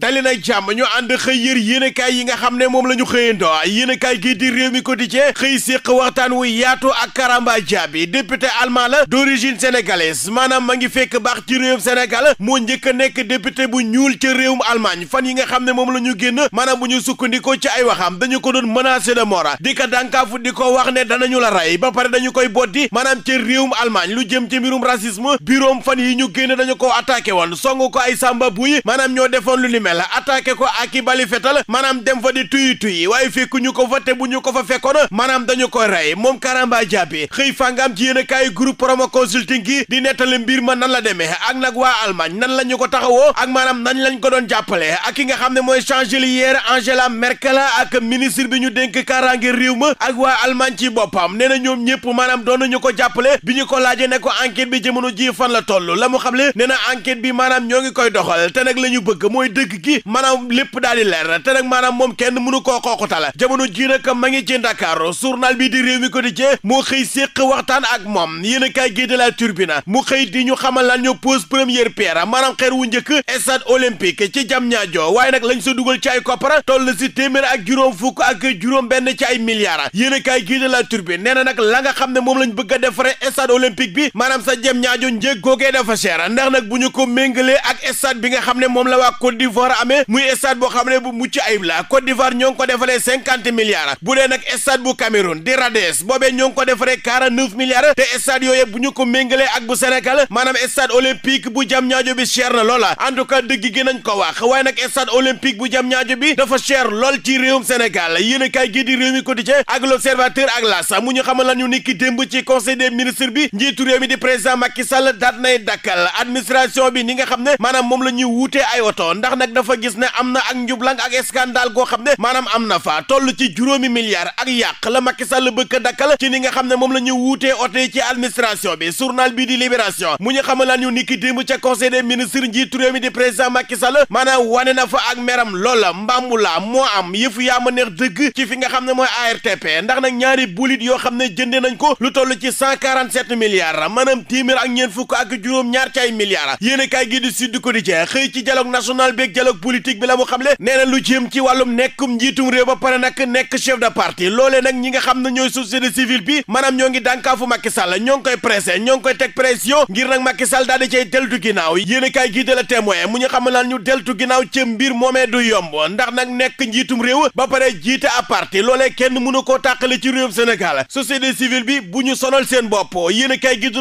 dali nag jàmm ñu ànd xëy yër yéenekaay yi nga xam ne moom la ñu xëyandoo yénekaay gii di réew mi ko di quotidien xëy séq waxtaan wu yaatu ak Karamba Diaby député allemand la d'origine sénégalaise maanaam ma ngi fekk baax ci réewum Sénégal moo njëkk nekk député bu ñuul ca réewum Allemagne fan yi nga xam ne moom la ñu génn maanaam bu ñu sukkandikoo ci ay waxam dañu ko doon menacé de mort di ko dànkaafu di ko wax ne danañu la rey ba pare dañu koy boddi maanaam ca réewum lu jëm ci mbirum racisme bureau fan yi ñu génn dañu ko attaqué woon song ko ay sàmba buy maanaam ñoo defoon mel attaqué ko ak i bali fetal maanaam dem fa di tuyi tuyi waaye fekku ñu ko fa te bu ñu ko fa fekkoon maanaam dañu ko rey moom Karamba Diaby xëy fàngaam ci yéen kaay groupe promo consulting gi di nettali mbir ma nan la deme ak nag waa almaañ nan la ñu ko taxawoo ak maanaam nan lañ ko doon jàppale ak ki nga xam ne mooy chancelière Angela Merkel ak ministre bi ñu denk dénk kaaraange réew ma ak waa Allemagne ci boppam nee na ñoom ñëpp maanaam doon nañu ko jàppale bi ñu ko laajee ne ko enquête bi jamono ji fan la toll la mu xam le nee na enquête bi maanaam ñoo ngi koy doxal te nag la ñu bëgg mooy dëgg dëkk gi maanaam lépp daal di leer te nag maanaam moom kenn mënu koo xooxutal jamono ji nag ma ngi ci Dakar journal bi di réew mi quotidien moo xëy séq waxtaan ak moom yéen a kaay gi de la Tribune mu xëy di ñu xamal lan ñu pose première pierre maanaam xeer wu njëkk stade olympique ci jam ñaajo waaye nag lañ sa dugal ci ay koppar toll si téeméer ak juróom fukk ak juróom benn ci ay milliards yéen a kaay gi de la na nag la xam ne moom lañ bëgg a defare bi maanaam sa jam ñaajo njëg googee dafa cher ndax ñu ko méngalee ak bi nga xam ne war amee muy stade boo xam ne bu mucc ayib la Côte d'Ivoire ñoo ko defaree cinquante milliards bu dee nag stade bu Cameroun di Radès boobee ñoo ngi ko defaree quarante neuf milliards te stade yooyu bu ñu ko méngalee ak bu Sénégal maanaam stade olympique bu Diamniadio bi cher na loola en tout cas dëgg gi nañ ko wax waaye nag stade olympique bu Diamniadio bi dafa cher lool ci réewum Sénégal yéen a kaay gii di réew mi quotidien ak l'observateur ak L'As mu ñu xamal la ñu niki démb ci conseil des ministres bi njiitu réew mi di président Macky Sall daat nay dakkal bi ni nga xam ne maanaam moom la ñuy wuutee ay oto ndax nag nag dafa gis ne am na ak njublang ak scandale goo xam ne maanaam am na fa toll ci juróomi milliards ak yàq la Macky Sall bëgg a ci ni nga xam ne moom la ñu wuutee ote ci administration bi journal bii di libération mu ñu xamalaan ñu niki démb ca conseil des ministres njiitu réew mi di président Macky Sall maanaam wane na fa ak meram loola mbàmbu la moo am yëfu yaa ma neex dëgg ci fi nga xam ne mooy ARTP ndax nag ñaari bulit yoo xam ne jënde ko lu toll ci cent quarante sept milliards maanaam téeméer ak ñeent fukk ak juróom ñaar ci ay milliards yéen ci dialogue national beeg dialogue politique bi la mu xamle nee na lu jëm ci wàllum nekkum njiitum réew ba pare nag nekk chef de parti loole nag ñi nga xam ne ñooy société civile bi maanaam ñoo ngi dànkaafu Macky Sall ñoo ngi koy pressé ñoo ngi koy teg pression ngir nag ma Sall daal di cay deltu ginnaaw yéen a kaay gii de la témoin mu ñu xamal naan ñu deltu ginnaaw ca mbir moomee du yomb ndax nag nekk njiitum réew ba pare jiite à parti loolee kenn mënu koo tàqale ci réewum Sénégal société civile bi bu ñu sonal seen bopp yéen a kaay gii du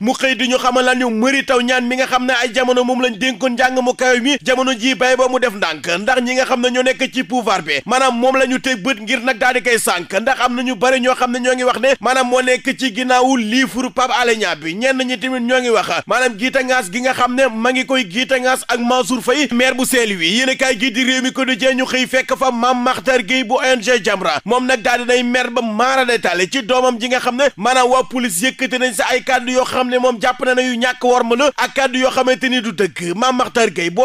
mu xëy di ñu xamal naan ñu mëri taw ñaan mi nga xam ne jamono moom lañ dénkoon njàng mu kaw mi jamono ji bay ba mu def ndànk ndax ñi xam ne ñoo nekk ci pouvoir bi maanaam moom la ñu bët ngir nag daal di koy sànk ndax am na ñu bëri ñoo xam ne ñoo ngi wax ne maanaam moo nekk ci ginnaawu liifuru Pape Alé Niang bi ñenn ñi tamit ñoo ngi wax maanaam giitangaas gi nga xam ne ma ngi koy giitangaas ak Mansour Faye maire bu Saint-Louis yéen a kaay gi di réew mi ko di jee ñu xëy fekk fa Mame Makhtar Gueye bu ONG Jamra moom nag daal dinay mer ba maara détaillé ci ji nga xam ne maanaam waa police yëkkati nañ sa ay kàddu yoo xam ne moom jàpp na ne yu ñàkk war ma la ak kàddu yoo ni du dëgg Mame Makhtar Gueye bu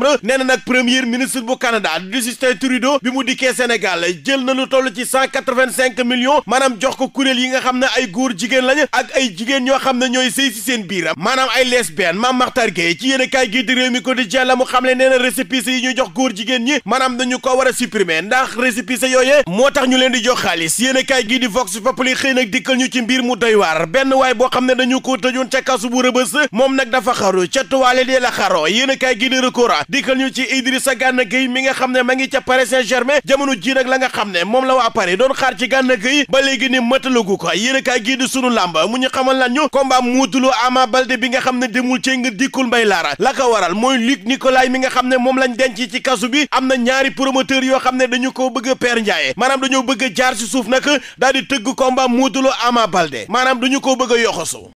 décembre nee na nag premier ministre bu Canada di Justin Trudeau bi mu dikkee Sénégal jël na lu toll ci cent quatre-vingt-cinq millions maanaam jox ko kuréel yi nga xam ne ay góor jigéen lañ ak ay jigéen ñoo xam ne ñooy sëy si seen biir maanaam ay lesbienne Mame Makhtar Gueye ci yéen a kaay gii di réew mi quotidien la mu xam ne nee na récépissé yi ñu jox góor jigéen ñi maanaam dañu ko war a supprimer ndax récépissé yooyee moo tax ñu leen di jox xaalis yéen a kaay gii di Vox Populi xëy nag dikkal ñu ci mbir mu doy waar benn waay ne dañu ko tëjoon ca kasu bu rëbës moom nag dafa xaru ca a kaay gii di record Touba dikkal ñu ci Idrissa Gana Gueye mi nga xam ne ma ngi ca Paris Saint-Germain jamono ji nag la nga xam ne moom la waa Paris doon xaar ci Gana Gueye ba léegi ni mëtalagu ko yéenekaay ka di sunu làmb mu ñu xamal lan ñu combat Modou Lo Ama Baldé bi nga xam ne demul ci nga dikkul mbay laara la ko waral mooy Luc Nicolaï mi nga xam ne moom lañ denc ci kasu bi am na ñaari promoteur yoo xam ne dañu ko bëgg a peer njaaye maanaam dañoo bëgg a jaar ci suuf nag daal di tëgg combat Modou Lo Ama Baldé maanaam duñu ko bëgg a yoxosu